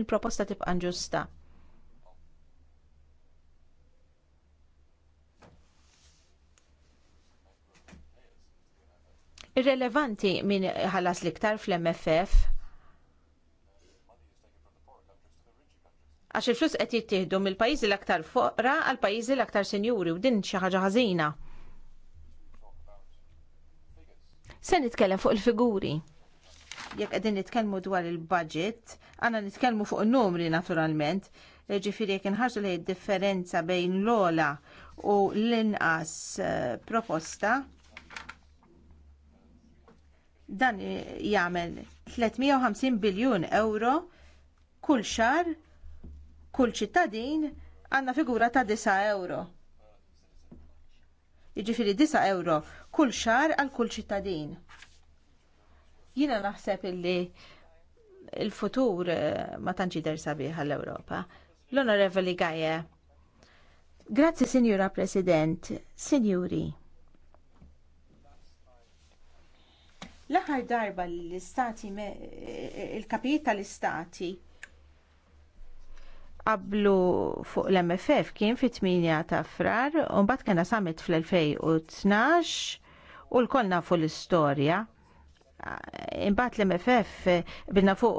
il-proposta tibqa' ġusta. Irrelevanti min ħallas l-iktar fl-MFF għax il-flus qed jittieħdu mill-pajjiżi l-aktar foqra għal pajjiżi l-aktar sinjuri u din xi ħaġa ħażina. Se nitkellem fuq il-figuri jekk qegħdin nitkellmu dwar il-budget, għandna nitkellmu fuq numri naturalment, ġifiri jekk inħarsu lejn differenza bejn l-ola u l-inqas eh, proposta, dan jagħmel 350 biljun euro kull xar, kull ċittadin għandna figura ta' 9 euro. Jiġifieri 9 euro kull xar għal kull ċittadin. Jiena naħseb illi il-futur eh, ma tantx jidher sabiħ għall-Ewropa. L-Onorevoli Gaje. Grazzi, Signora President, Sinjuri. L-aħħar darba l-istati, eh, il-kapijiet tal-istati qablu fuq l-MFF kien fit-8 ta' frar, un bat kena summit fl-2012 u l-kolna fuq l-istoria. Imbagħad l-MFF eh, bilna fuq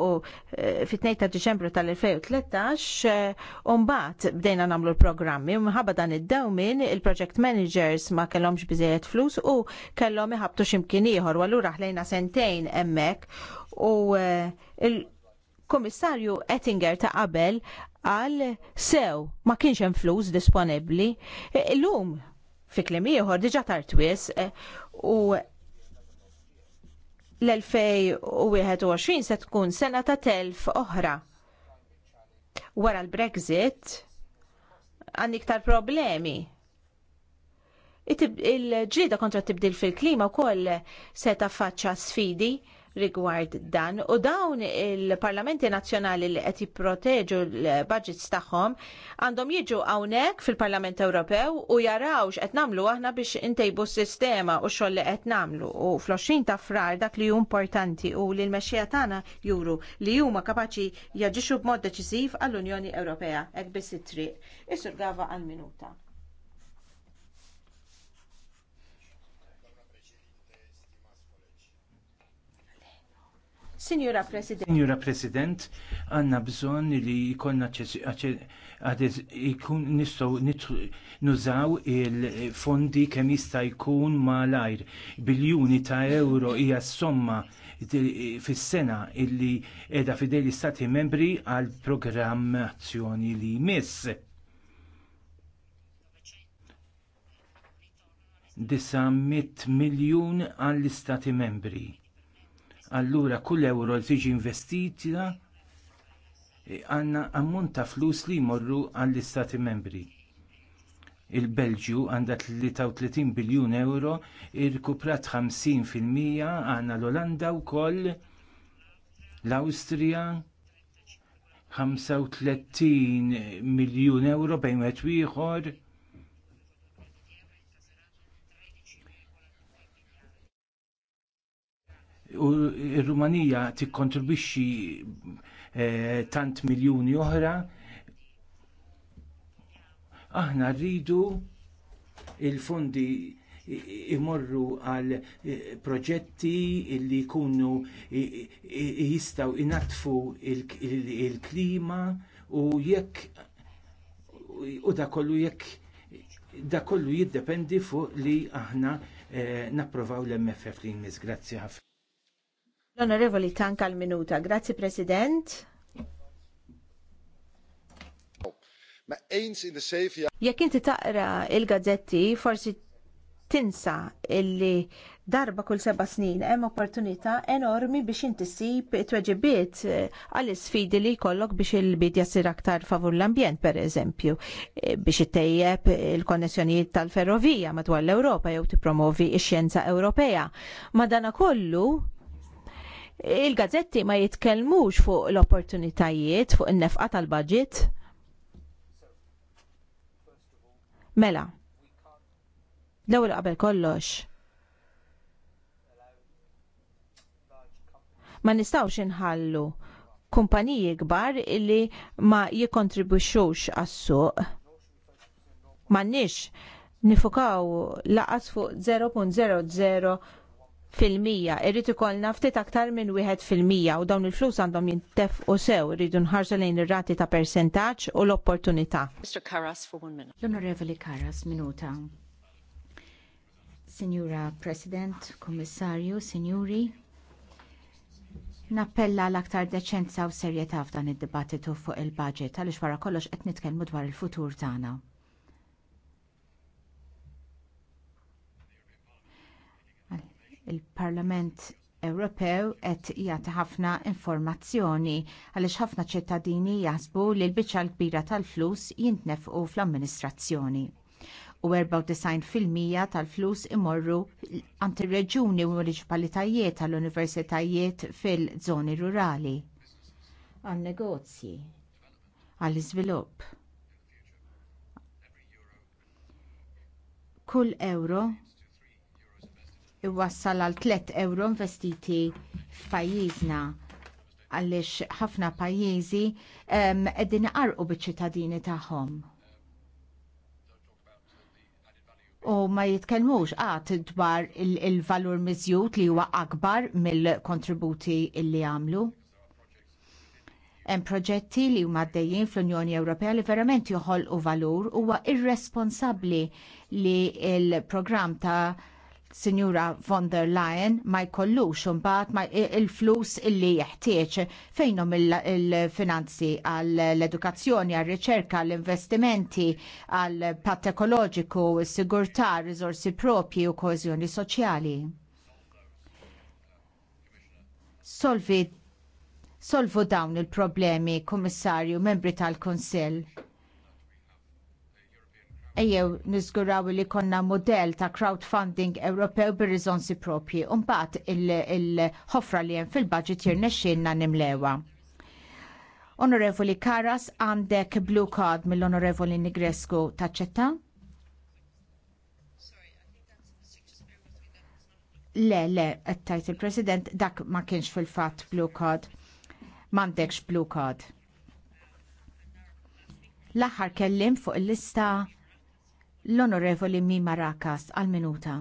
eh, fit-2 ta' Diċembru tal-2013 eh, u mbagħad bdejna nagħmlu l-programmi u minħabba dan id dawmin il-project managers ma kellhomx biżejjed flus u kellhom iħabtu x'imkien ieħor u allura ħlejna sentejn hemmhekk u il-Kummissarju Ettinger ta' qabel għal sew ma kienx hemm flus disponibbli. Illum fi kliem ieħor diġà tartwis u l-2021 se tkun sena ta' telf oħra. Wara l-Brexit għan iktar problemi. Il-ġlida kontra tibdil fil-klima wkoll se faċċa sfidi rigward dan u dawn il-parlamenti nazzjonali li qed jipproteġu l-budgets tagħhom għandhom jiġu hawnhekk fil-Parlament Ewropew u jarawx qed nagħmlu aħna biex intejbu s-sistema u x-xogħol li qed nagħmlu u fl-20 ta' frar dak li hu importanti u li l-mexxija tagħna juru li huma kapaċi jaġixxu b'mod deċiżiv għall-Unjoni Ewropea hekk biss it-triq. Isur gava għall minuta. Signora President. Signora President, għanna bżon li jkollna jkun nistgħu nużaw il-fondi kemm jista' jkun malajr. Biljuni ta' euro hija somma fis-sena illi qiegħda fidej l-Istati membri għal programmazzjoni li jmiss. Disa' miljun għall-Istati membri allura kull euro li tiġi investita e, għandna ammont ta' flus li jmorru għall-istati membri. Il-Belġju għandha 33 biljun euro, irkuprat 50% għandna l-Olanda wkoll l-Awstrija 35 miljun euro bejn wieħed ieħor u il rumanija tikkontribwixxi eh, tant miljuni oħra aħna rridu il-fondi imorru għal eh, proġetti li jkunu jistaw inatfu il-klima u jekk u da kollu jekk da kollu jiddependi fuq li aħna eh, napprovaw l-MFF li jmiss. Grazzi ħafna. L-Onorevoli Tanka l-Minuta. Grazie, President. Jekk inti taqra il-gazzetti, forsi tinsa illi darba kull seba snin hemm opportunità enormi biex inti ssib tweġibiet eh, għall isfidi li jkollok biex il bid jassir aktar favur l-ambjent pereżempju, eh, biex ittejjeb il-konnessjonijiet tal-ferrovija madwar l-Ewropa jew tippromovi x-xjenza Ewropea. Madana kollu il-gazzetti ma jitkellmux fuq l-opportunitajiet fuq in-nefqa tal-budget. Mela, l-ewwel qabel kollox. Ma nistgħux inħallu kumpaniji kbar illi ma jikontribwixxux għas-suq. M'għandniex nifukaw laqas fuq 0.00 fil-mija, irrid ikollna ftit aktar minn wieħed fil-mija u dawn il-flus għandhom jintef u sew irridu nħarsu lejn ir-rati ta' percentaċ u l-opportunità. Mr. Karas for one minute. L-Onorevoli Karas, minuta. Signora President, Kommissarju, Signori, Nappella l-aktar deċenza u serjetà f'dan id-dibattitu fuq il-budget għaliex wara kollox qed nitkellmu dwar il-futur tagħna. Il-Parlament Ewropew qed jagħti ħafna informazzjoni għaliex ħafna ċittadini jaħsbu li l-biċċa l-kbira tal-flus jintnefqu fl-amministrazzjoni u 94% tal-flus imorru għand ir-reġuni u municipalitajiet tal-universitajiet fil-żoni rurali. Għan negozji, għall iżvilupp Kull euro iwassal għal 3 euro investiti f'pajjiżna għaliex ħafna pajjiżi qegħdin iqarqu biċ-ċittadini tagħhom. U ma jitkellmux għat ah, dwar il-valur il miżjud li huwa akbar mill-kontributi li għamlu. Hemm proġetti li huma għaddejjin fl-Unjoni Ewropea li verament joħolqu valur huwa irresponsabbli li l-programm ta' Signora von der Leyen ma jkollux imbagħad il-flus illi jeħtieġ fejnom il-finanzi għall edukazzjoni għall-riċerka, għall-investimenti, għall-patt ekoloġiku, s-sigurtà, risorsi propji u koeżjoni soċjali. Solvi solvu dawn il-problemi, Kummissarju, membri tal-Kunsill ejjew nizguraw li konna modell ta' crowdfunding Ewropew bir-riżonsi propji u mbagħad il-ħofra li hemm fil-budget jirnexxielna nimlewa. Onorevoli Karas għandek blue card mill-Onorevoli Nigresku taċċetta? Le, le, għattajt il-President, dak ma kienx fil-fat blue card. Mandekx blue card. L-aħħar kellim fuq il-lista l-Onorevoli Mima Rakas għal-minuta.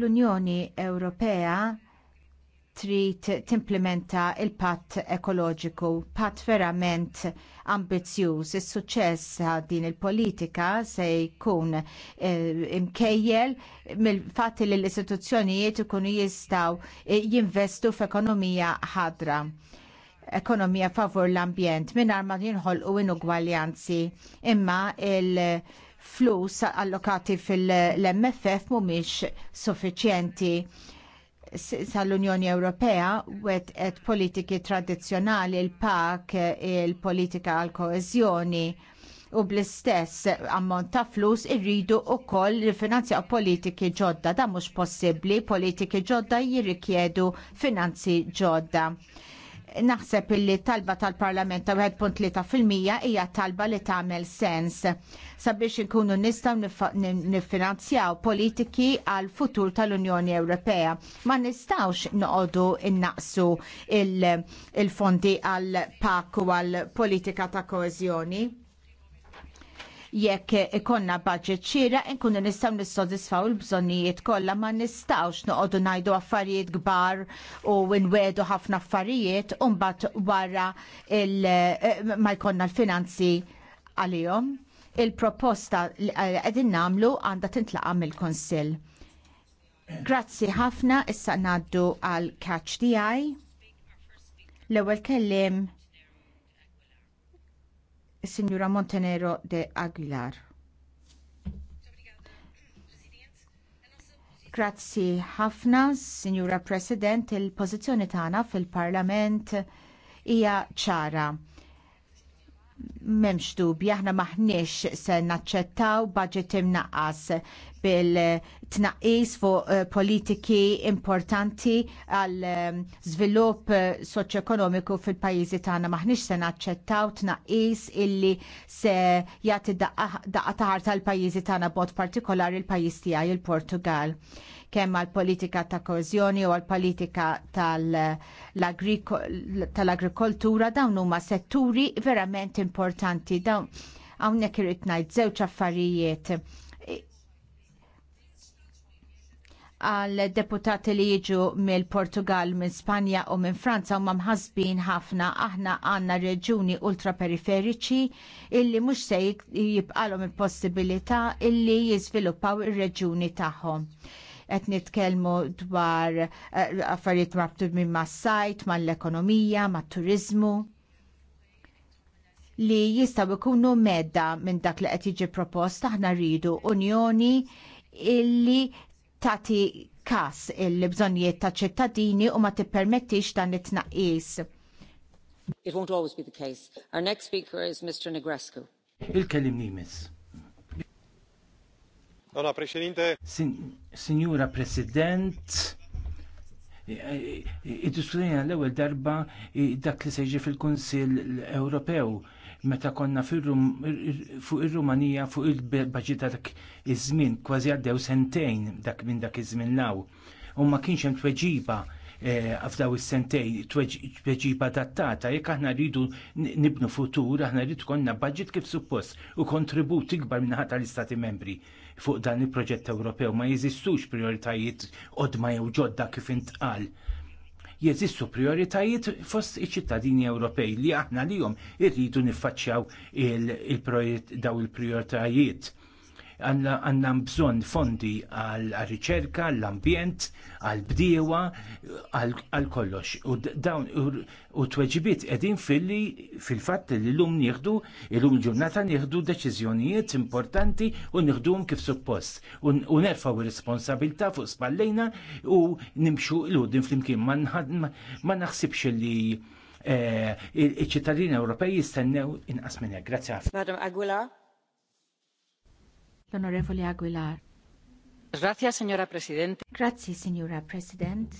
L-Unjoni Ewropea trid timplementa il-patt ekoloġiku, patt verament ambizjuż. Is-suċċess din il-politika se jkun eh, imkejjel mill-fatt li l-istituzzjonijiet ikunu jistgħu eh, jinvestu f'ekonomija ħadra ekonomija favur l-ambjent mingħajr ma jinħolqu inugwaljanzi imma il-flus allokati fil-MFF mhumiex suffiċjenti sal-Unjoni Ewropea wet et politiki tradizzjonali il-PAK il-politika għall koezjoni u bl-istess ammont ta' flus irridu wkoll u politiki ġodda. Dan mhux possibbli, politiki ġodda jirrikjedu finanzi ġodda naħseb illi talba tal-Parlament ta' 1.3% hija talba li tagħmel sens sabiex inkunu nistgħu niffinanzjaw politiki għal futur tal-Unjoni Ewropea. Ma nistgħux noqogħdu innaqsu il-fondi għal pak u għal politika ta' koezjoni jekk ikonna budget xira nkunu nistgħu nissodisfaw il-bżonnijiet kollha ma nistgħux noqogħdu ngħidu affarijiet kbar u nwedu ħafna affarijiet u mbagħad wara eh, ma jkollna l-finanzi għalihom. Il-proposta li qegħdin nagħmlu għandha tintlaqa' mill-Kunsill. Grazzi ħafna issa ngħaddu għal catch DI. L-ewwel kelliem Signora Montenero de Aguilar. Grazzi ħafna, Signora President, il-pozizjoni tagħna fil-Parlament hija ċara memx dubi, aħna maħniex se naċċettaw budget imnaqqas bil-tnaqqis fuq eh, politiki importanti għal eh, żvilupp eh, soċjoekonomiku fil-pajjiżi tagħna maħniex se naċċettaw tnaqqis illi se jagħti daqqa taħar tal-pajjiżi tagħna bod partikolari l-pajjiż tiegħi il-Portugal. il portugal kemm għal politika ta' koezjoni u għal politika tal-agrikoltura tal dawn huma setturi verament importanti dawn hawnhekk irid ngħid żewġ affarijiet għal deputati li jiġu mill portugal minn Spanja u minn Franza u mħasbin ħafna aħna għanna reġuni ultraperiferiċi illi mux se jibqalhom il-possibilità illi jizviluppaw ir-reġuni tagħhom qed nitkellmu dwar eh, affarijiet marbtut minn mas-sajt, mal-ekonomija, mat-turizmu li jistaw ikunu medda minn dak li qed jiġi proposta aħna rridu unjoni illi tagħti kas il-bżonnijiet ta' ċittadini u ma tippermettix dan it-tnaqqis. It won't always be the case. Our next speaker is Mr. Negrescu. Il-kellim nimis. Dona Presidente. Signora President, id-diskutajna l-ewwel darba dak li se fil-Kunsill Ewropew meta konna fuq ir-Rumanija fuq il-baġit dak iż-żmien, kważi għaddew sentejn dak minn dak iż-żmien law. U ma kienx hemm tweġiba eh, f'daw is-sentejn, tweġiba adattata, jekk aħna rridu nibnu futur, aħna rridu konna baġit kif suppost u kontribut ikbar ħata tal-Istati membri fuq dan il-proġett Ewropew ma jeżistux prioritajiet qodma jew ġodda kif intqal. Jeżistu prioritajiet fost iċ-ċittadini Ewropej li aħna lihom irridu niffaċċjaw il il-prioritajiet għanna bżon fondi għal-riċerka, għall-ambjent, għal-bdiewa, għal-kollox. U dawn u tweġibiet edin fil-li fil-fatt li l-lum nieħdu, l-lum ġurnata nieħdu deċiżjonijiet importanti u nieħduhom kif suppost. U nerfaw ir-responsabilità fuq spallejna u nimxu l-udin fl-imkien. Ma naħsibx li eh, iċ-ċittadini Ewropej jistennew inqas minn hekk. Madam Agula l-Onorevoli Aguilar. Grazie, signora Presidente. Grazie, signora President.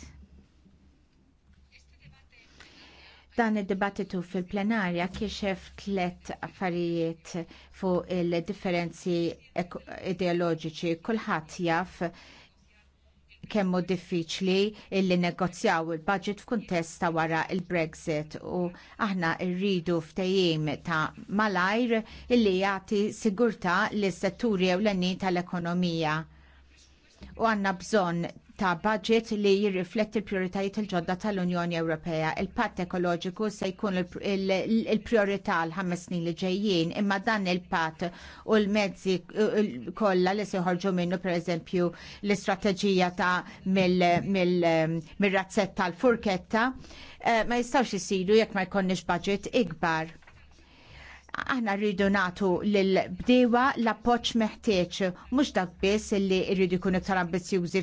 Dan il dibattitu fil-plenarja kiexef tlet affarijiet fu il-differenzi ideoloġiċi. Kulħat jaf kemmu diffiċli illi negozjaw il-budget f'kuntest ta' wara il-Brexit u aħna rridu ftejim ta' malajr illi jagħti sigurtà lis setturi ewlenin tal-ekonomija. U għandna bżonn ta' budget li jirrifletti l-prioritajiet il-ġodda tal-Unjoni Ewropea. Il-patt ekoloġiku se jkun il-priorità l-ħames snin li ġejjin, imma dan il-patt u l-mezzi kollha li se jħorġu minnu pereżempju l-istrateġija ta' mill-razzetta tal furketta eh, ma jistawx isiru jekk ma jkonniex budget ikbar aħna rridu natu l-bdewa l-appoċ meħtieġ, mux dak biss li rridu jkunu iktar ambizjużi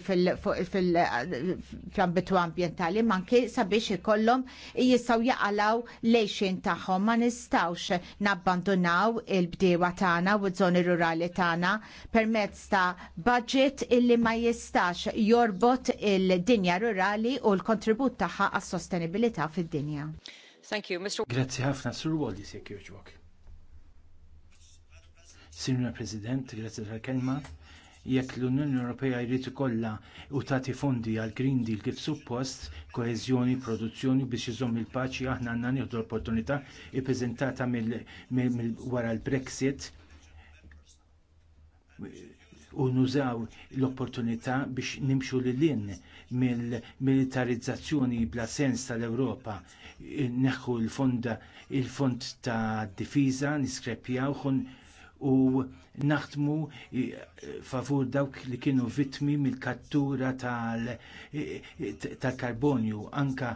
fil-ambitu ambientali, manki sabiex ikollhom jistaw jaqalaw lejxin tagħhom ma nistawx nabbandunaw il-bdewa tagħna u żoni rurali tagħna permezz ta' budget illi ma jistax jorbot il-dinja rurali u l-kontribut tagħha għas-sostenibilità fid-dinja. Thank you, Mr. Grazzi ħafna, Sir Wallis, jek joġbok. Signor President, grazie tal-kelma. Jekk l-Unjoni Ewropea jrid ikollha u tagħti fondi għal Green Deal kif suppost, koeżjoni, produzzjoni biex iżomm il-paċi aħna għandna nieħdu l-opportunità ippreżentata wara l-Brexit u nużaw l-opportunità biex nimxu lil-lin mill-militarizzazzjoni bla sens tal-Ewropa. Neħħu l-fond il-fond ta' difiża, niskrepjaw, u naħdmu eh, favur dawk li kienu vittmi mill-kattura eh, eh, tal-karbonju. Anka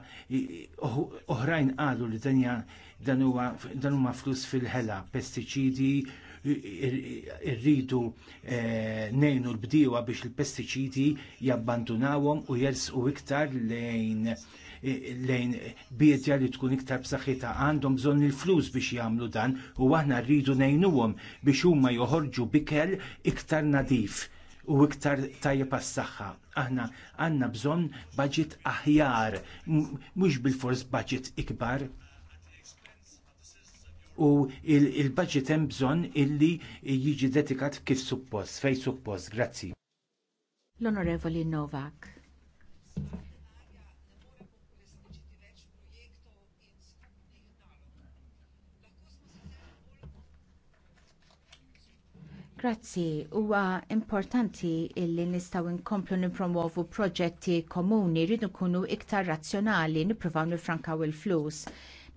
oħrajn qalu li danja dan huma flus fil-ħela, pestiċidi, irridu nejnu l-bdiewa biex il-pestiċidi jabbandunawhom u jersu iktar lejn lejn biedja li tkun iktar b'saħħitha għandhom bżonn il-flus biex jagħmlu dan u aħna rridu ngħinuhom biex huma joħorġu bikel iktar nadif u iktar tajjeb għas-saħħa. Aħna għandna bżonn budget aħjar, mhux bil-fors budget ikbar. U il-budget hemm bżonn illi jiġi dedikat kif suppost, fej suppost, grazzi. L-Onorevoli Novak. Grazzi, huwa importanti illi nistaw inkomplu nippromovu proġetti komuni rridu kunu iktar razzjonali nippruvaw nifrankaw il-flus.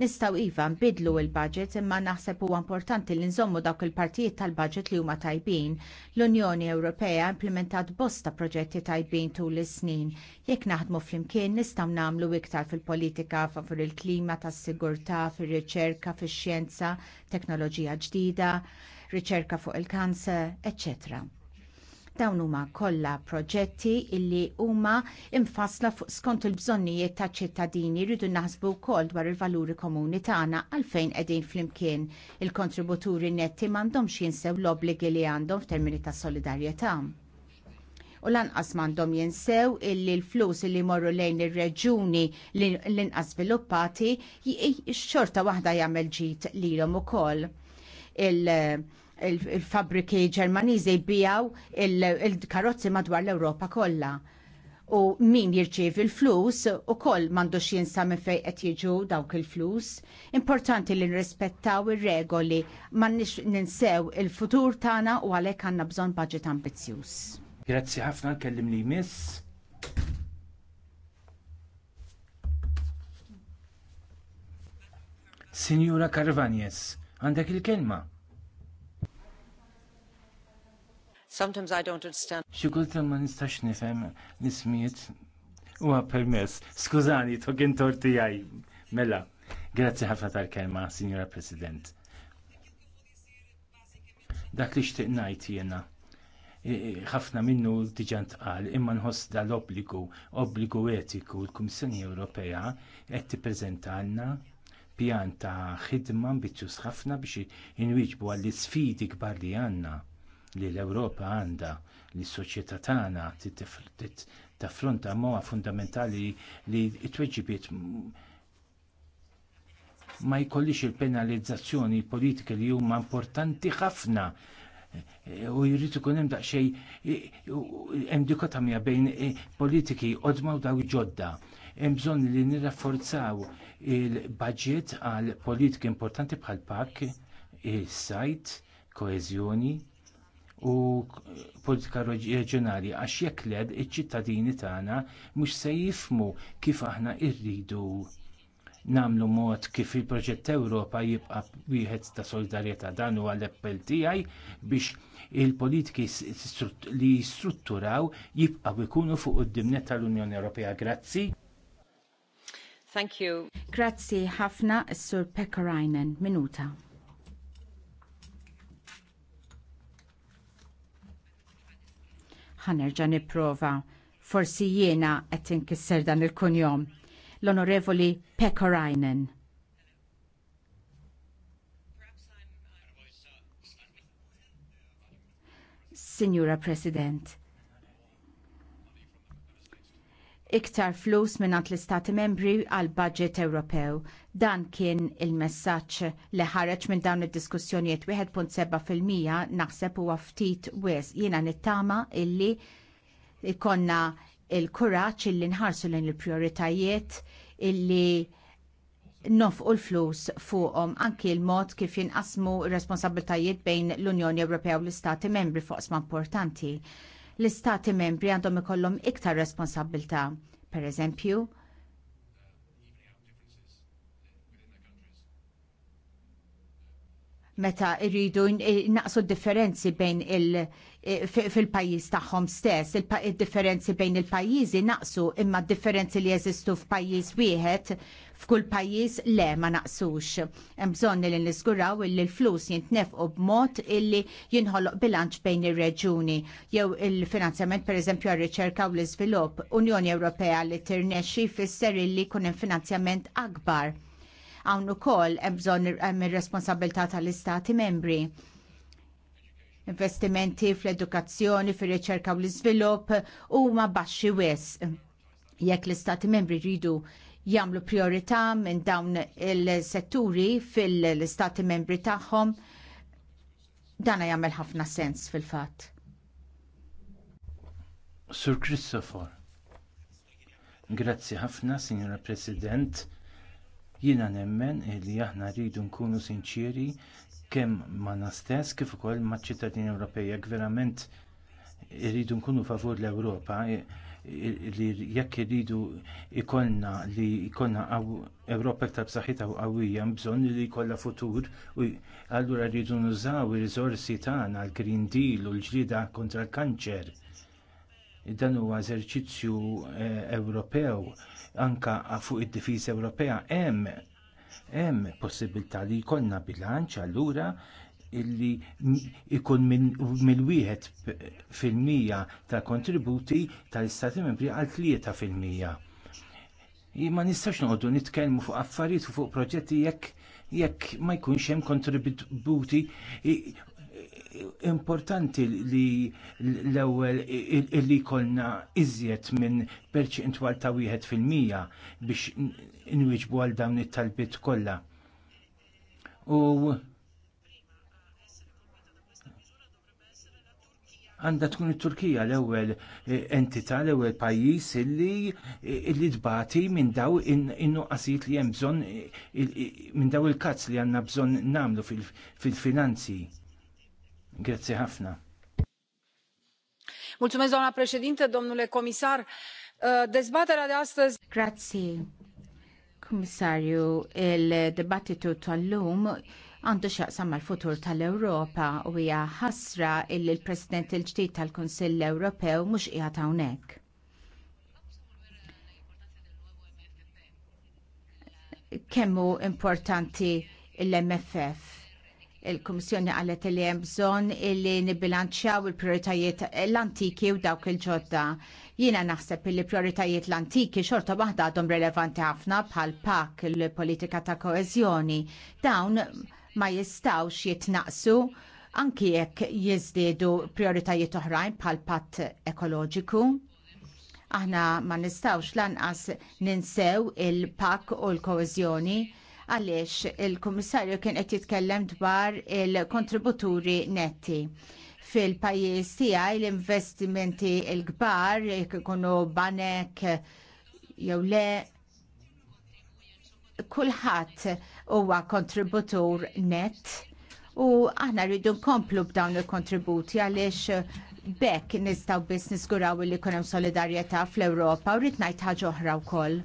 Nistaw iva nbidlu il-budget imma naħseb huwa importanti li nżommu dawk il-partijiet tal-budget li huma tajbin. L-Unjoni Ewropea implementat bosta proġetti tajbin tul is-snin. Jekk naħdmu flimkien nistgħu nagħmlu iktar fil-politika favur il-klima, tas-sigurtà, fir-riċerka, fix-xjenza, teknoloġija ġdida riċerka fuq il-kanser, etc. dawn huma kollha proġetti illi huma imfassla fuq skont il-bżonnijiet taċ ċittadini rridu naħsbu wkoll dwar il-valuri komuni tagħna għalfejn qegħdin flimkien il-kontributuri netti m'għandhomx jinsew l-obbligi li għandhom f'termini ta' solidarjetà u lanqas m'għandhom jinsew illi l-flus li morru lejn ir-reġuni l-inqas sviluppati xorta waħda jagħmel ġid lilhom ukoll il il fabriki ġermaniżi jbijaw il-karozzi madwar l-Ewropa kollha u min jirċievi l-flus u koll mandu xin minn fej qed jiġu dawk il-flus. Importanti li nrispettaw ir-regoli ma ninsew il-futur tagħna u għalhekk għandna bżonn budget ambizzjuż. Grazzi ħafna kellim li miss. Signora Carvanies, Għandek il-kelma. Sometimes I don't understand. Xi ma nistax nifhem nismiet huwa permess. Skużani, togin torti għaj. Mela, grazzi ħafna tal-kelma, Signora President. Dak li xtieq ngħid jiena ħafna minnu diġà ntqal imma nħoss dal-obbligu, obbligu etiku l-Kummissjoni Ewropea qed tippreżentalna pjan ta' ħidma ambizzjuż ħafna biex inwieġbu għall isfidi kbar li għandna li l-Ewropa għandha li s-soċjetà tagħna taffronta moa fundamentali li t-tweġibiet ma jkollix il-penalizzazzjoni politika li huma importanti ħafna u jrid ikun hemm daqsxejn hemm dikotomija bejn eh, politiki qodma u daw ġodda hemm bżonn li nirrafforzaw il-budget għal politika importanti bħal pak, il-sajt, koeżjoni u politika reġjonali għax jekk led iċ-ċittadini tagħna mhux se jifhmu kif aħna rridu nagħmlu mod kif il-proġett Ewropa jibqa' wieħed ta' solidarjetà dan huwa l-appell tiegħi biex il-politiki li jistrutturaw jibqa' jkunu fuq id-dimnet tal-Unjoni Ewropea. Grazzi. Thank you. Grazzi ħafna sur Pekarainen. Minuta. ħanerġa nipprova. Forsi jiena qed inkisser dan il-kunjom. L-Onorevoli Pekorainen. Signora President, iktar flus minnant l-Istati membri għal budget Ewropew. Dan kien il-messaċ li ħareġ minn dawn id-diskussjonijiet 1.7% naħseb huwa ftit wes jiena nittama illi ikonna il-kuraċ illi nħarsu lejn il-prioritajiet illi nofqu l-flus fuqhom anki l-mod kif jinqasmu responsabiltajiet bejn l-Unjoni Ewropea u l-Istati membri fuq sma importanti l-istati membri għandhom ikollhom iktar responsabilta. Per eżempju, meta irridu naqsu differenzi bejn il- fil-pajjiż tagħhom stess, il-differenzi bejn il-pajjiżi naqsu imma differenzi li jeżistu f'pajjiż wieħed f'kull pajjiż le ma naqsux. Hemm bżonn li nisguraw illi l-flus jintnefqu b'mod illi jinħoloq bilanċ bejn ir-reġuni jew il-finanzjament pereżempju għar-riċerka u l-iżvilupp Unjoni Ewropea li tirnexxi fisser illi jkun hemm finanzjament akbar Hawn ukoll hemm bżonn hemm ir-responsabilità tal-istati membri investimenti fl-edukazzjoni, fir-riċerka u l-iżvilupp huma baxxi wisq. Jekk l-istati membri jridu jagħmlu priorità minn dawn il-setturi fil-istati membri tagħhom, dana jagħmel ħafna sens fil-fatt. Sur Christopher, grazzi ħafna, Signora President Jiena nemmen li aħna rridu nkunu sinċieri kemm ma stess kif ukoll maċ-ċittadini Ewropej jekk verament irridu nkunu favur l-Ewropa li jekk irridu ikollna li jkollna Ewropa iktar b'saħħitha u qawwija bżonn li jkollha futur u allura rridu nużaw ir-riżorsi tagħna l-Green Deal u l-ġlida kontra l-kanċer dan huwa eżerċizzju eh, Ewropew anka fuq id-difiża Ewropea hemm hemm possibilità li jkollna bilanċ allura illi ikun mill-wieħed fil-mija tal-kontributi tal-Istati Membri għal tlieta fil-mija. Ma nistax noqogħdu nitkellmu fuq affarijiet u fuq proġetti jekk jekk ma jkunx hemm kontributi importanti li l-ewwel li kolna iżjed minn perċentwal ta' wieħed fil-mija biex inwiġbu għal dawn it-talbiet kollha. U għandha tkun it-Turkija l-ewwel eh, entità l-ewwel pajjiż illi li tbati minn daw in-nuqqasijiet li hemm bżonn minn daw il-kazz li għandna bżonn nagħmlu fil-finanzi. fil finanzi Grazzi ħafna. Mulțumesc, doamna președintă, domnule comisar. Uh, dezbaterea de astăzi... Grazie, comisariu. Il-debattitu tal-lum għandu xaqsam mal futur tal-Europa u hija ħasra illi l-President il-ġdid tal-Kunsill Ewropew mhux qiegħed hawnhekk. Kemmu importanti l-MFF Il-Kummissjoni għallet li hemm bżonn illi nibbilanċjaw il-prioritajiet l-antiki u dawk il-ġodda. Jiena naħseb li prioritajiet l-antiki xorta waħda għadhom relevanti ħafna bħal pak il-politika ta' koezjoni. Dawn ma jistawx jitnaqsu anki jekk jiżdiedu prioritajiet oħrajn bħal patt ekoloġiku aħna ma nistawx lanqas ninsew il-pak u l-koezjoni għaliex il-Kummissarju kien qed jitkellem dwar il-kontributuri netti fil-pajjiż tijaj l-investimenti l-kbar jekk ikunu banek jew le kulħadd huwa kontributur net u aħna rridu nkomplu b'dawn il-kontributi għaliex bekk nistgħu biss nisguraw li jkun hemm solidarjetà fl-Ewropa u rrid ngħid ħaġa oħra wkoll.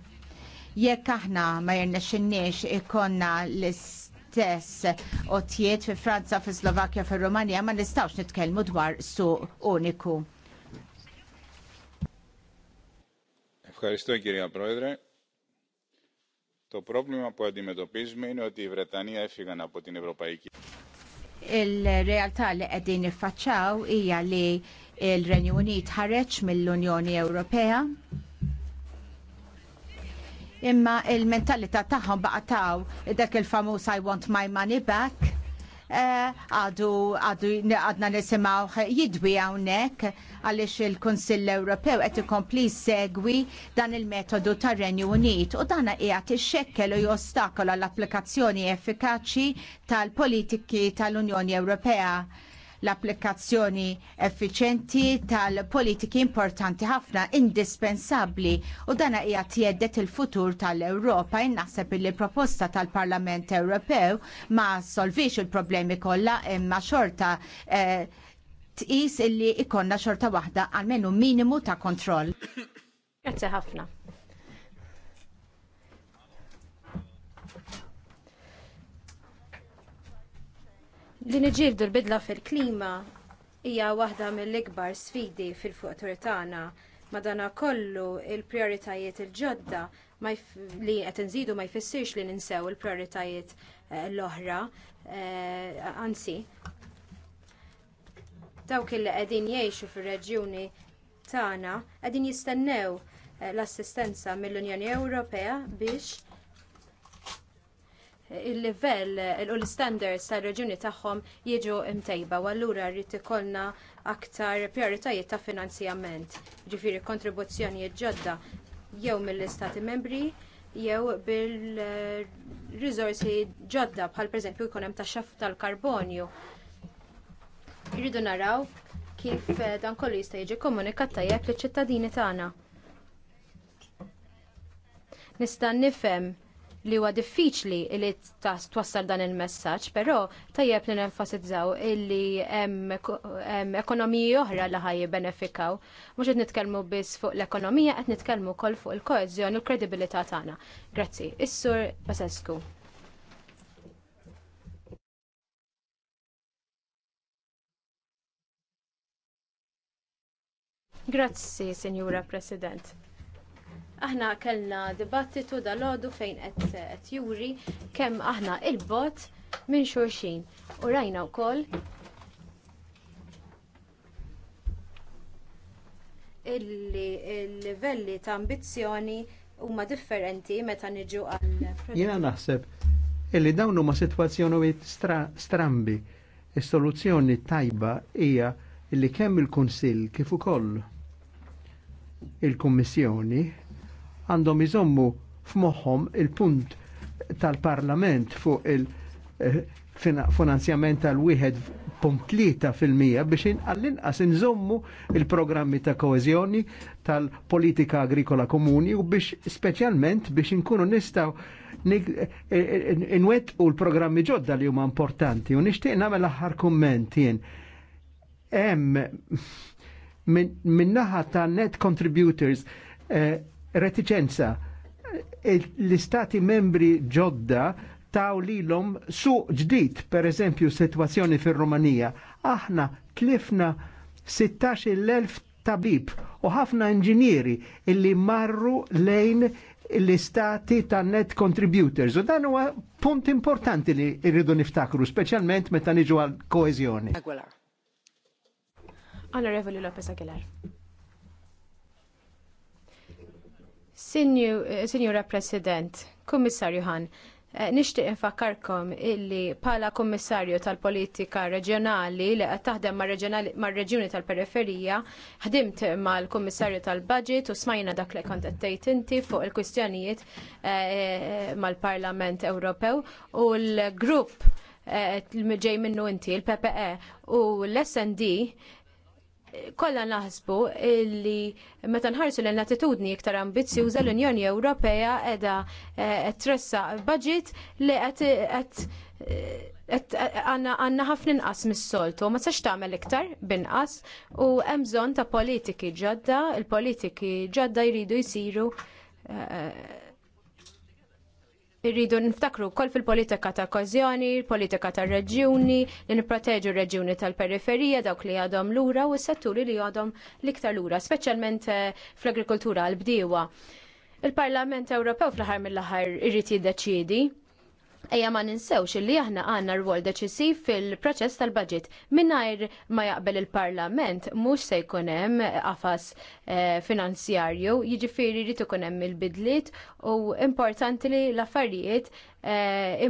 Jekk aħna ma jirnexinniex ikonna l-istess otjiet fi Franza, fi Slovakkja, fi Romania, ma nistawx nitkelmu dwar su uniku. Ευχαριστώ κυρία Πρόεδρε. Το πρόβλημα που αντιμετωπίζουμε είναι ότι οι Βρετανοί έφυγαν από την Ευρωπαϊκή il-realtà li għedin niffaċċaw ija li il renju Unit ħareġ mill-Unjoni Ewropea imma il-mentalità tagħhom baqataw dak il-famuż I want my money back eh, għadu għadna nisimaw jidwi għawnek għalix il-Konsill Ewropew għet ikompli segwi dan il-metodu ta' Renju Unit u dan il-xekkel u jostakola l-applikazzjoni effikaċi tal-politiki tal-Unjoni Ewropea l-applikazzjoni effiċenti tal-politiki importanti ħafna indispensabbli u dana hija tjeddet il-futur tal-Ewropa innaħseb il proposta tal-Parlament Ewropew ma solvix il-problemi kollha imma xorta eh, tqis illi ikonna xorta waħda għalmenu minimu ta' kontroll. Grazie ħafna. Li niġildu l-bidla fil-klima hija waħda mill-ikbar sfidi fil-futur tagħna. Madana kollu il-prioritajiet il-ġodda li qed inżidu ma jfissirx li ninsew il-prioritajiet eh, l-oħra, eh, anzi, dawk il qegħdin jgħixu fir-reġjuni tagħna qegħdin jistennew eh, l-assistenza mill-Unjoni Ewropea biex il-livell eh, u l-standards tar reġuni tagħhom jiġu imtejba u allura rrid ikollna aktar prioritajiet ta' finanzjament, jiġifieri kontribuzzjonijiet ġodda jew mill-istati membri jew bil-riżorsi ġodda bħal pereżempju jkun hemm taxxa tal-karbonju. Irridu naraw kif eh, dan kollu jista' jiġi komunikat tajjeb liċ-ċittadini tagħna. Nista' nifhem li huwa diffiċli li twassal dan il-messaġġ, però tajjeb li nenfasizzaw illi hemm ekonomiji oħra li ħaj jibbenefikaw. Mhux qed nitkellmu biss fuq l-ekonomija, qed nitkellmu wkoll fuq il-koeżjoni u l-kredibilità tagħna. Grazzi. Is-Sur Basescu. Grazzi, Sinjura President. Aħna kellna dibattitu dal fejn qed juri kemm aħna il-bot minn xulxin. U rajna wkoll illi il-livelli ta' ambizzjoni huma differenti meta niġu għal. Jiena naħseb illi dawn huma sitwazzjonijiet strambi. Is-soluzzjoni tajba hija illi kemm il-Kunsill kif ukoll il-Kummissjoni għandhom iżommu f'moħħom il-punt tal-Parlament fuq il-finanzjament eh, tal tlieta fil-mija biex għall-inqas inżommu il-programmi ta' koezjoni tal-politika agrikola komuni u biex speċjalment biex inkunu nistaw eh, inwet u l-programmi ġodda li huma importanti u nixtieq nagħmel aħħar kumment jien. Hemm min naħa ta' net contributors eh, reticenza. E l-istati membri ġodda taw l-om su ġdijt, per eżempju, situazzjoni fir-Rumanija. Aħna tlifna 16.000 tabib u ħafna inġinieri illi marru lejn l-istati ta' net contributors. U dan huwa punt importanti li irridu niftakru, speċjalment meta niġu għal koezjoni. Aguilar. Onorevoli Lopez Aguilar. Signora President, Kummissarju Han, eh, Nishtiq infakarkom illi pala kommissarju tal-politika reġjonali li qed taħdem mar-reġjuni tal-periferija, ħdimt mal-kommissarju tal-budget u smajna dak li kont qed inti fuq il-kwistjonijiet eh, mal-Parlament Ewropew u l-grupp eh, ġej minnu inti, e l ppe u l-SND kollha naħsbu li meta nħarsu lejn attitudni iktar ambizjuża l-Unjoni Ewropea edha eh, tressa budget li qed għanna ħafna inqas mis-soltu, ma sax tagħmel iktar binqas u hemm bżonn ta' politiki ġodda, il-politiki ġodda jridu jsiru eh, irridu niftakru wkoll fil-politika ta' kozjoni, politika ta' reġjuni, li nipproteġu reġjuni tal-periferija, dawk li għadhom lura u s-setturi li għadhom liktar lura, speċjalment eh, fl-agrikoltura għal-bdiewa. Il-Parlament Ewropew fl-ħar mill-ħar irrid jiddeċiedi Ejja ma ninsewx illi aħna għandna rwol deċisiv fil-proċess tal-budget. Minnajr ma jaqbel il-Parlament mhux se jkun hemm eh, finanzjarju, jiġifieri jrid ikun hemm il-bidliet u importanti li l-affarijiet eh,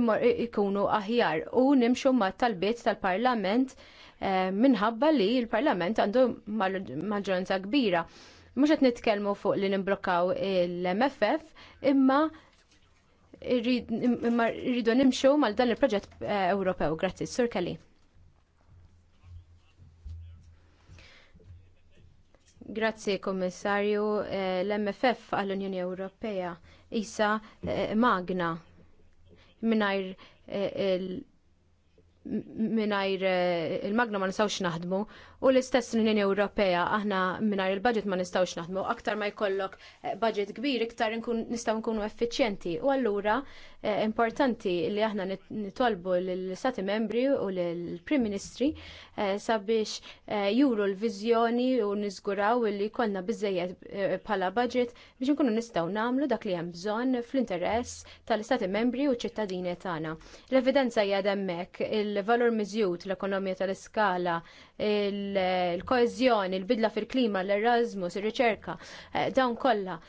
ikunu aħjar u nimxu ma talbiet tal-Parlament eh, minħabba li l-Parlament għandu maġġoranza kbira. Mhux qed nitkellmu fuq li nimblokkaw l-MFF imma irridu nimxu mal dan il-proġett eh, Ewropew. Grazzi, Sur Kelly. Grazzi, Kommissarju. Eh, L-MFF għall-Unjoni Ewropea isa eh, magna minnajr il- il-magna ma nisawx naħdmu U l-istess l-Unjoni Ewropea, aħna minar il-budget ma nistawx naħdmu, aktar ma jkollok eh, budget kbir, iktar nistaw nkunu effiċjenti. U allura eh, importanti li aħna nitolbu l-Stati membri u l-Prim Ministri eh, sabiex juru l-vizjoni u nizguraw li konna bizzejiet pala budget biex nkunu nistaw namlu dak li hemm bżonn fl-interess tal-Stati membri u ċittadini tagħna. L-evidenza hija hemmhekk il-valur miżjud l-ekonomija tal-iskala il-koezjoni, il-bidla fil-klima, l-Erasmus, il-riċerka, eh, dawn kollha.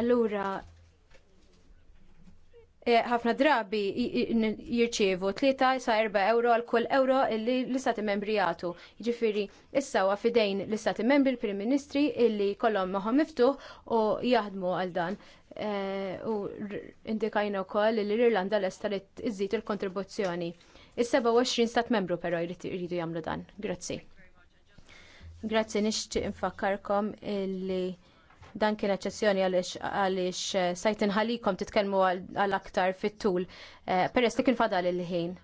Allura, eh, ħafna drabi jirċievu 3 sa 4 euro għal kull euro li l-istati membri jagħtu. Ġifiri, issa u fidejn l-istati membri l-Prim Ministri illi kollom magħhom miftuħ u jaħdmu għal dan. Eh, u indikajna wkoll li l-Irlanda lesta li iżid il-kontribuzzjoni. Is-27 stat membru però jridu jagħmlu dan. Grazzi. Grazzi nixtieq infakkarkom illi dan kien eċċezzjoni għaliex eh, sajt inħalikom titkellmu għal aktar fit-tul eh, peress li kien fadal il-ħin.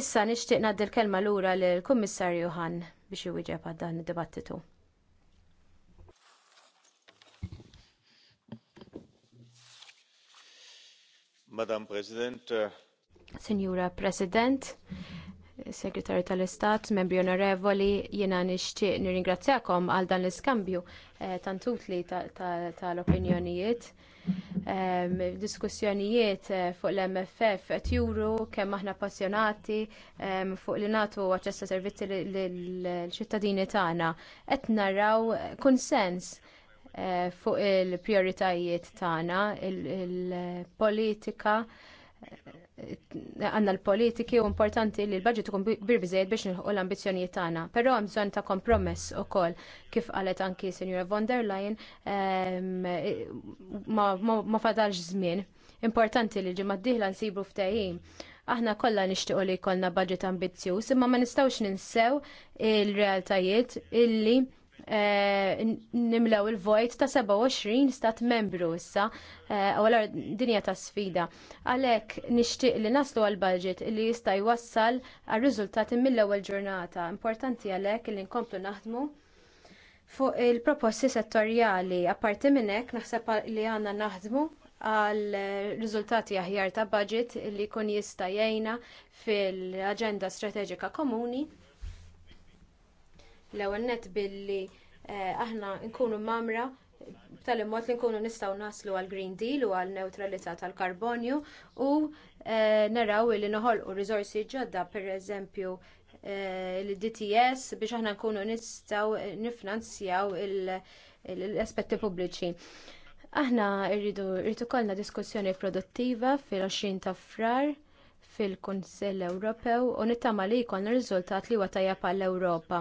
Issa nixtieq ngħaddi l-kelma lura lill-Kummissarju Han biex jwieġeb għad dan id-dibattitu. Madam President, uh... Senjura President, Segretarju tal-Istat, membri onorevoli, jiena nixtieq nirringrazzjakom għal dan l-iskambju eh, tantutli tal-opinjonijiet. diskussjonijiet eh, fuq l-MFF qed juru kemm aħna passjonati fuq li nagħtu aċċess ta' servizzi l-ċittadini tagħna. Qed naraw konsens eh, fuq il-prijoritajiet tagħna, il-politika il, il politika għanna l-politiki u importanti li l-budget ikun birbizejed biex nilħu l ambizzjonijiet tagħna. Però hemm bżonn ta' kompromess ukoll kif qalet anki Sinjura von der Leyen ehm, ma fadalx żmien. Importanti li ġimma d-dieħla nsibu ftehim. Aħna kollha nixtiequ li jkollna budget ambizzjuż, imma ma nistgħux ninsew il-realtajiet illi Eh, nimlew il-vojt ta' 27 stat membru issa, eh, u għal dinja ta' sfida. Għalek nishtiq li naslu għal-budget li jista' jwassal għal riżultati mill-ewwel ġurnata. Importanti għalek li nkomplu naħdmu fuq il-proposti settorjali. Apparti minnek, naħseb li għanna naħdmu għal riżultati aħjar ta' budget li kun jista' jgħina fil-Aġenda Strateġika Komuni l-ewwel nett billi eh, aħna nkunu mamra tal mod li nkunu nistgħu naslu għal Green Deal u għal neutralità tal-karbonju u eh, naraw li noħolqu riżorsi ġodda pereżempju eh, l-DTS biex aħna nkunu nistgħu nifinanzjaw l-aspetti pubbliċi. Aħna rridu rridu kollna diskussjoni produttiva fil-20 ta' frar fil-Kunsill Ewropew u nittama li jkollna riżultat li huwa tajjeb għall ewropa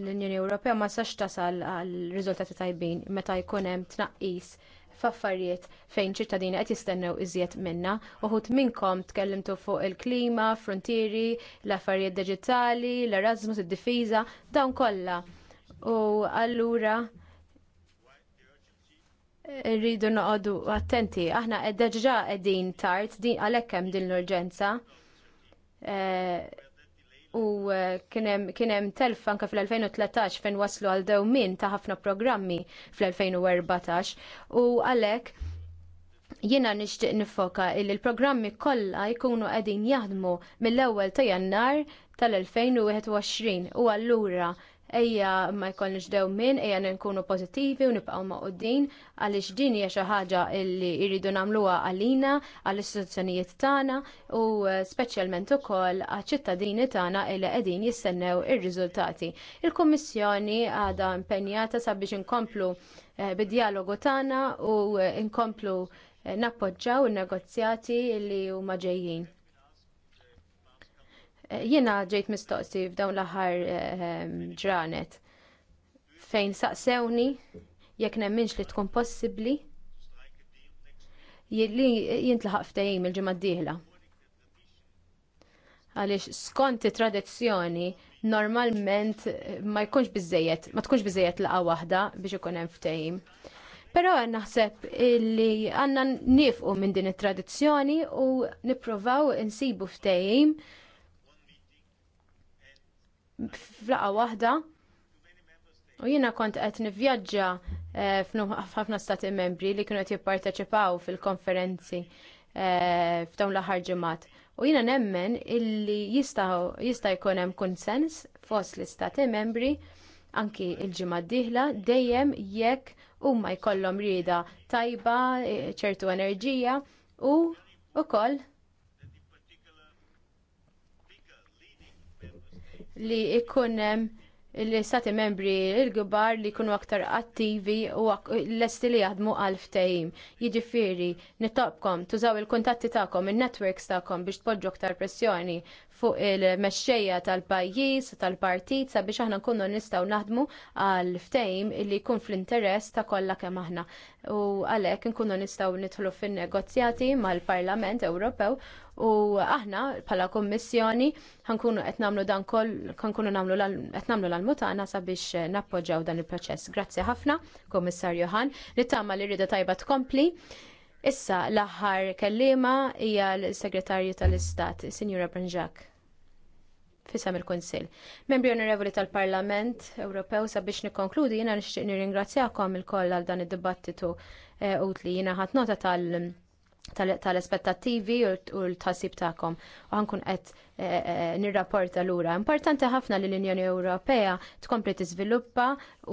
L-Unjoni Ewropea ma sax tasal għal riżultati tajbin meta jkun hemm tnaqqis f'affarijiet fejn ċittadini qed jistennew iżjed minna. Uħud minnkom tkellimtu fuq il-klima, frontieri, l-affarijiet diġitali, l-Erasmus, id-difiża, dawn kollha. U allura rridu noqogħdu attenti. Aħna deġġa qegħdin tard, din għalhekk hemm din l-urġenza. Eh, u eh, kien hemm telf anke fil-2013 fejn waslu għal dewmien ta' ħafna programmi fl-2014 u għalhekk jiena nixtieq nifoka li l-programmi kollha jkunu qegħdin jaħdmu mill-ewwel ta' Jannar tal-2021 u allura ejja ma jkollniex dew minn, ejja nkunu pozittivi u nibqgħu maquddin għaliex din hija xi ħaġa li jridu nagħmluha għalina għall-istituzzjonijiet tagħna u eh, speċjalment ukoll għaċ-ċittadini tagħna li qegħdin jistennew ir-riżultati. Il-Kummissjoni għadha impenjata sabiex inkomplu eh, bid-dialogu tagħna u eh, nkomplu nappoġġaw in-negozjati li huma ġejjin. Jiena ġejt mistoqsi f'dawn l-aħħar eh, ġranet fejn saqsewni jekk nemminx li tkun possibbli li jintlaħaq ftehim il-ġimgħa d-dieħla. Għaliex skont tradizzjoni normalment eh, ma jkunx biżejjed, ma tkunx biżejjed laqa waħda biex ikun hemm ftehim. Però naħseb li għandna nifqu minn din it-tradizzjoni u nippruvaw insibu ftehim flaqa waħda u jiena kont qed nivvjaġġa eh, f'ħafna stati membri li kienu qed jipparteċipaw fil-konferenzi eh, f'dawn l-aħħar ġimgħat. U jiena nemmen illi jista' jkun hemm konsens fost l-istati membri anki il-ġimgħa d-dieħla dejjem jekk huma jkollhom rieda tajba, eh, ċertu enerġija u ukoll li ikun li stati membri il-gbar li jkunu aktar attivi u l-esti li jaħdmu għalf tajim. Jiġifieri nitobkom, tużaw il kuntatti tagħkom, in networks tagħkom biex tpoġġu aktar pressjoni fuq il-mexxejja tal-pajjiż, tal-partit sabiex aħna nkunu nistgħu naħdmu għal ftehim li jkun fl-interess ta' kollha kemm aħna. U għalhekk nkunu nistgħu nidħlu fin-negozjati mal-Parlament Ewropew u aħna bħala Kummissjoni ħankunu qed nagħmlu dan koll ħankunu nagħmlu qed nagħmlu l-mutana sabiex nappoġġaw dan il-proċess. Grazzi ħafna, Kummissar Johan, nittama li rridu tajba tkompli. Issa l-aħħar kelliema hija l-Segretarju tal-Istat, Sinjura Branġak fisem il-Kunsill. Membri onorevoli tal-Parlament Ewropew sabiex nikkonkludi jiena nixtieq nirringrazzjakom il-koll għal dan id-dibattitu eh, utli jiena ħadd nota tal- espettattivi aspettattivi u l tħassib tagħkom u ħankun qed eh, eh, nirrapporta lura. Importanti ħafna li l-Unjoni Ewropea tkompli tiżviluppa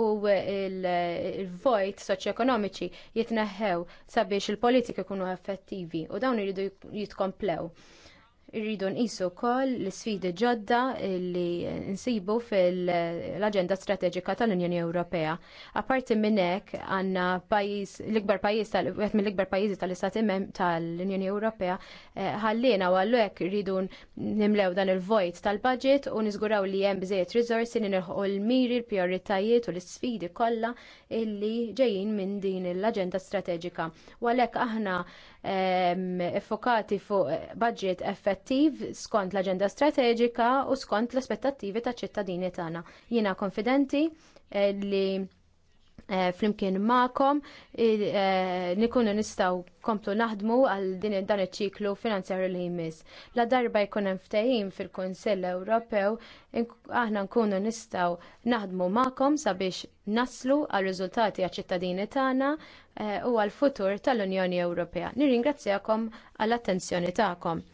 u l vojt soċjoekonomiċi jitneħħew sabiex il-politika jkunu effettivi u dawn iridu jitkomplew. Irridu nqisu wkoll l-isfidi ġodda li nsibu fil-Aġenda Strateġika tal-Unjoni Ewropea. Apparti minn hekk għandna pajjiż l-ikbar pajjiż tal wieħed mill-ikbar pajjiżi tal-Istati tal-Unjoni Ewropea eh, ħallina u għallek irridu nimlew dan il-vojt tal-budget u niżguraw li hemm bżejjed riżorsi li nilħu l-miri, l-prijoritajiet u l-isfidi kollha illi ġejjin minn din l-Aġenda Strateġika. U għalhekk aħna effokati fuq budget effettiv skont l-agenda strateġika u skont l-aspettattivi ta' ċittadini tagħna. Jiena konfidenti eh, li Eh, flimkien ma'kom eh, nikunu nistaw komplu naħdmu għal din dan iċ-ċiklu finanzjarju li jmiss. La darba jkun hemm ftehim fil-Kunsill Ewropew, aħna nkunu nistaw naħdmu ma'kom sabiex naslu għal riżultati għal ċittadini tagħna eh, u għal futur tal-Unjoni Ewropea. Nirringrazzjakom għall attenzjoni tagħkom.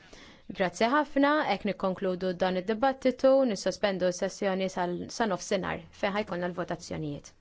Grazzi ħafna, ek nikkonkludu dan id-dibattitu, nissospendu s sessjoni sa nofsinar fejn ħajkonna l-votazzjonijiet.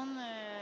On, uh... Eh,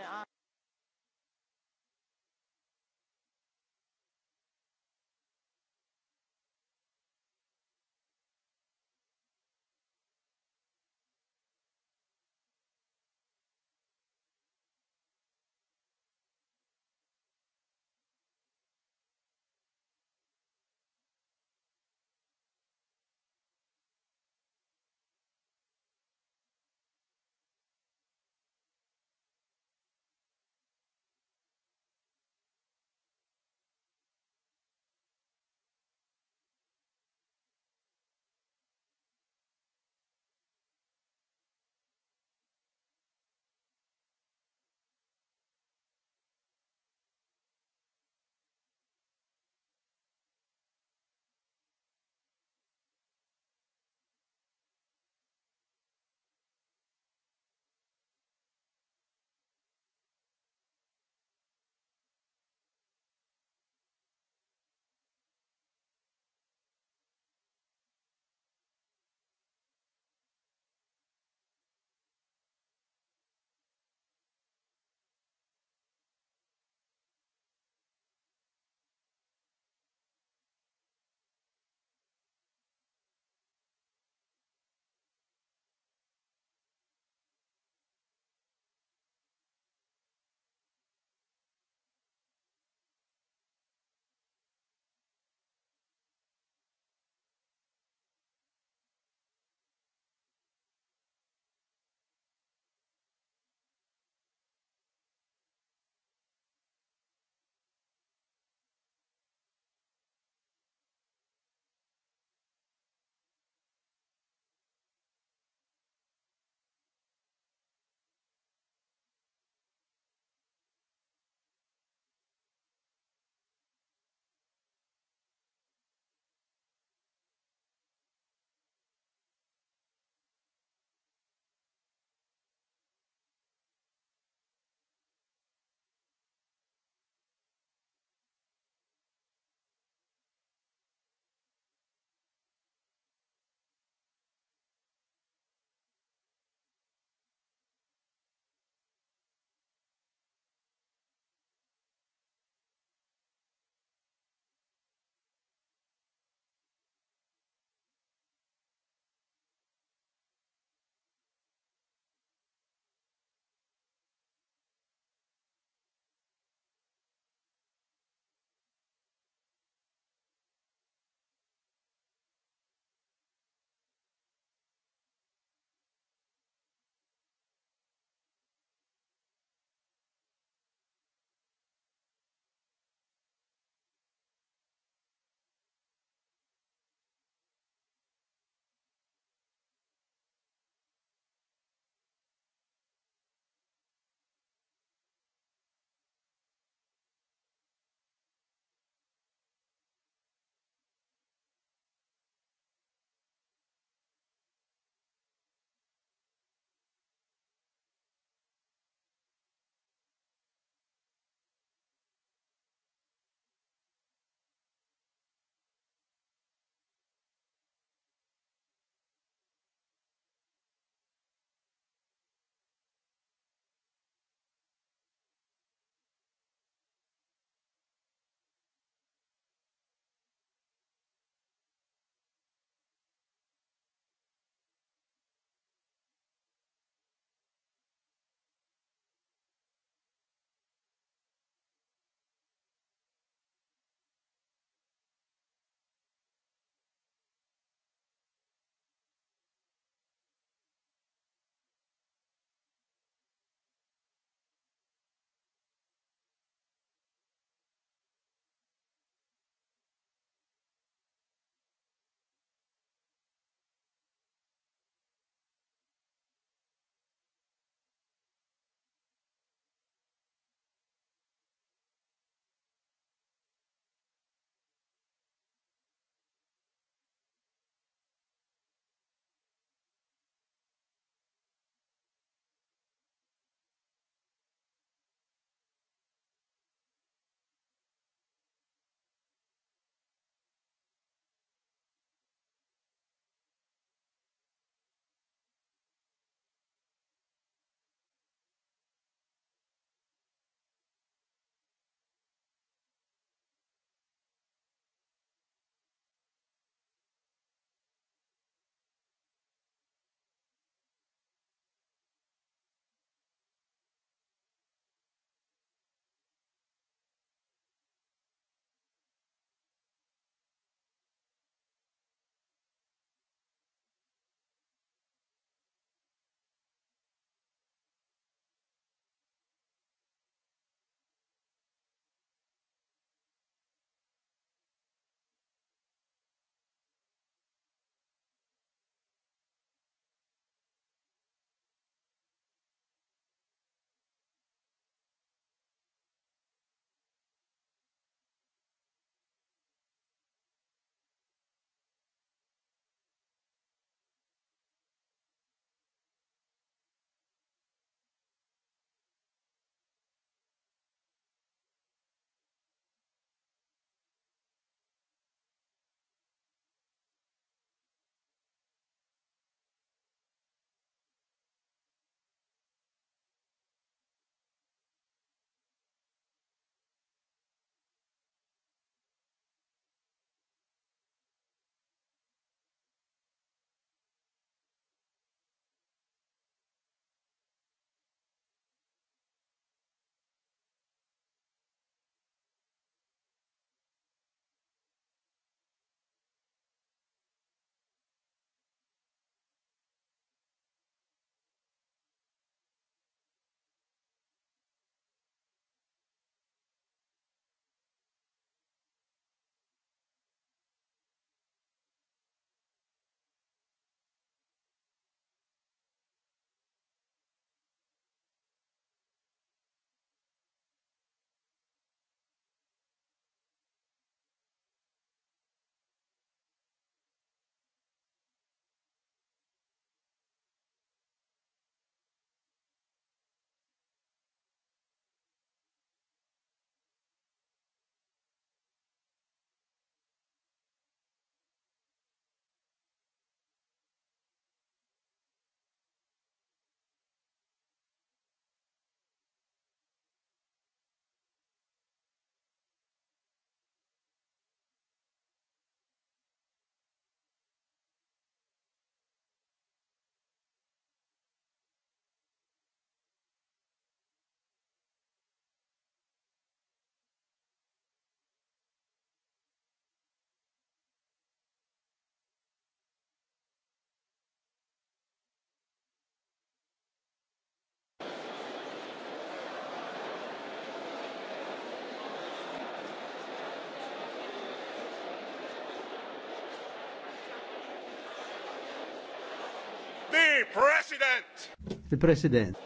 The President! The president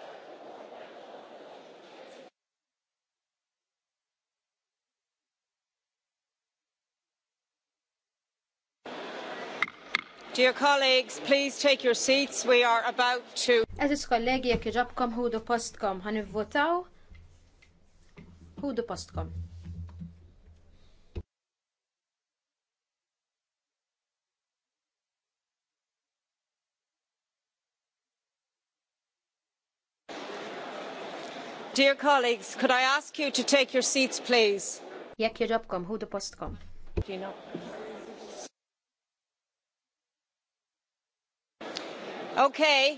Dear colleagues, please take your seats. We are about to... Eżis kollegi, jek iġabkom hudu postkom, għan votaw hudu postkom. Dear colleagues, could I ask you to take your seats, please? Jekk jġobkom, ħudu postkom. Okay.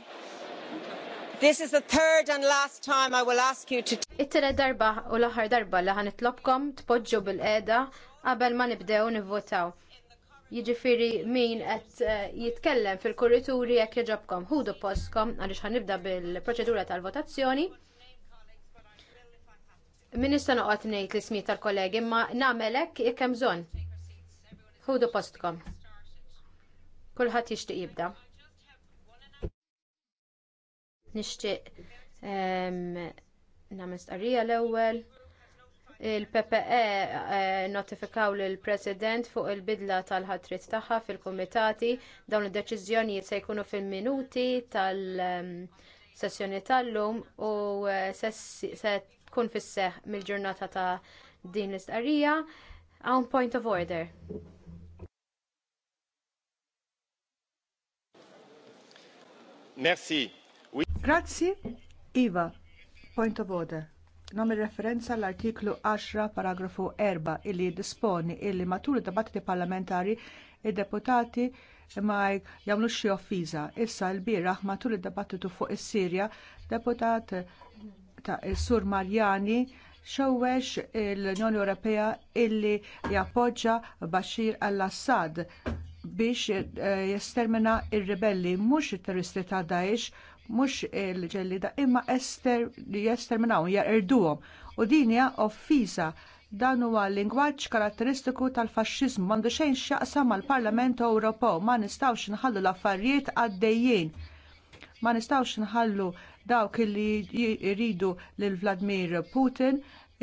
This is the third and last time I will ask you to... it darba u l-aħħar darba li ħanitlobkom tpoġġu bil-qeda qabel ma nibdew nivvotaw. Jiġifieri min qed eh, jitkellem fil-kurrituri jekk jeġobkom ħudu postkom għaliex ħanibda bil-proċedura tal-votazzjoni. Min nista' noqgħod ngħid smiet tal-kollegi, ma nagħmel hekk jekk hemm bżonn. Ħudu postkom. Kulħadd jixtieq jibda. Nixtieq nagħmel stqarrija l-ewwel. Il-PPE eh, notifikaw lill president fuq il-bidla tal-ħatrit tagħha fil-kumitati dawn id-deċiżjonijiet se jkunu fil-minuti tal-sessjoni tal-lum u eh, se tkun fisseħ mill-ġurnata ta' din l-istqarrija. Għawn point of order. Merci. Oui. Grazzi, Iva. Point of order. Nomi referenza l-artiklu 10 paragrafu 4 illi disponi illi matul id-dibattiti parlamentari id-deputati ma jagħmlu xi offiża. Issa l-bieraħ matul id-dibattitu fuq is-Sirja, deputat ta' il-Sur Marjani xewwex l-Unjoni Ewropea illi jappoġġa Bashir al-Assad biex eh, jestermina r ribelli mhux it-terroristi ta' Daesh, mhux il-ġellida, imma jesterminaw, jarduhom. U din hija offiża dan huwa lingwaġġ karatteristiku tal-faxxiżmu m'għandu xejn x'jaqsam mal-Parlament Ewropew ma nistgħux nħallu l-affarijiet għaddejjin. Ma nistgħux nħallu dawk li jridu lil Vladimir Putin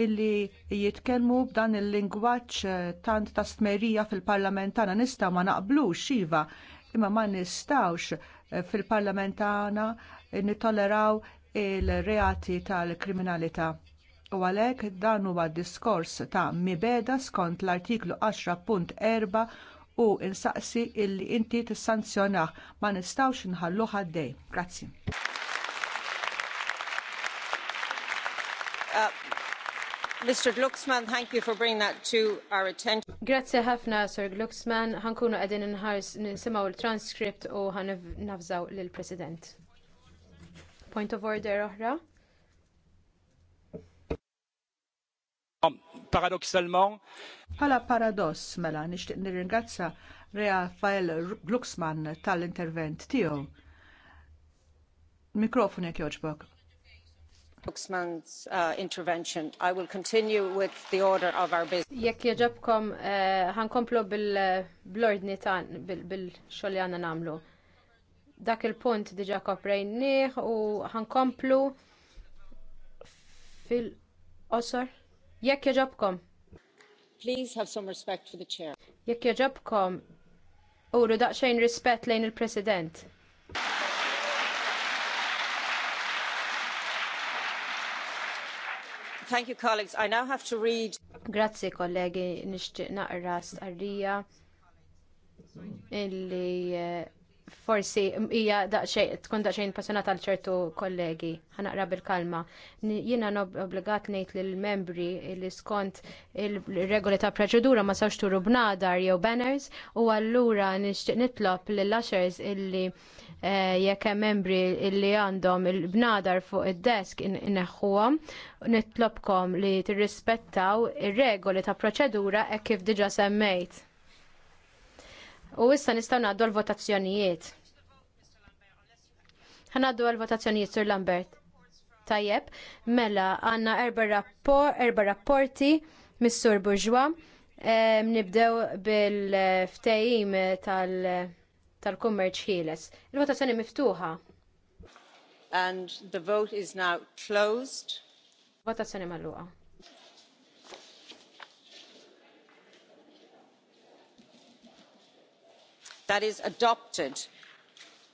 illi jitkellmu b'dan il-lingwaġġ eh, tant ta' stmerija fil parlamentana nistaw ma naqblux iva, imma ma nistawx eh, fil parlamentana tagħna nitoleraw il-reati tal-kriminalità. U għalhekk dan huwa diskors ta' mibeda skont l-artiklu 10.4 u insaqsi illi inti tissanzjonah ma nistgħux inħallu għaddej. Grazzi. Uh, Mr. Glucksmann, thank you for bringing that to our attention. Grazie ħafna, Sir Glucksmann. Hankunu għedin nħars nisimaw il-transcript u ħanafżaw lill-President. Point of order oħra? Um, paradoxalment. Pala paradoss mela nixtieq nirringrazza Rafael Glucksmann tal-intervent tiegħu. Mikrofon jekk jogħġbok. Spokesman's uh, intervention. I will continue with the order of our business. Jekk jogħġobkom eh, ħankomplu bil-ordni eh, tan bil-xogħol li għandna nagħmlu. Dak il-punt diġà koprejnih u ħankomplu fil-qosor. Jekk jogħġobkom. Please have some respect for the chair. Jekk jogħġobkom, uru daqsxejn rispett lejn il-President. Thank you, colleagues. I now have to read. Grazie, kollegi, nixtieq naqra stqarrija illi eh, forsi hija daqsxejn tkun daqsxejn passjonat għal ċertu kollegi ħanaqra bil-kalma. Jiena obbligat ngħid lill membri li skont il-regoli ta' proċedura ma sawx turu b'nadar jew banners u allura nixtieq nitlob lill-ushers illi eh, jekk hemm membri illi għandhom il-bnadar fuq id-desk inneħħuhom nitlobkom li tirrispettaw ir-regoli ta' proċedura hekk kif diġà semmejt. U issa nistgħu ngħaddu l-votazzjonijiet. Ħanaddu l-votazzjonijiet Sur Lambert. Tajjeb, mela għandna erba, erba rapporti mis-Sur Bourgeois. Nibdew bil-ftehim tal-kummerċ ħieles. Il-votazzjoni miftuħa. And the vote is now closed. Votazzjoni magħluqa. That is adopted.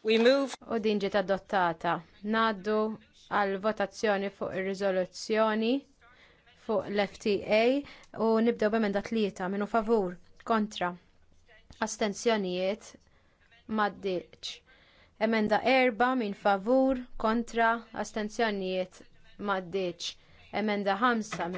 We move. U din ġiet adottata. Naddu għal votazzjoni fuq ir-riżoluzzjoni fuq l-FTA u nibdew b'emenda tlieta minnu favur kontra astenzjonijiet maddiċ. Emenda erba minn favur kontra astenzjonijiet maddiċ. Emenda ħamsa minn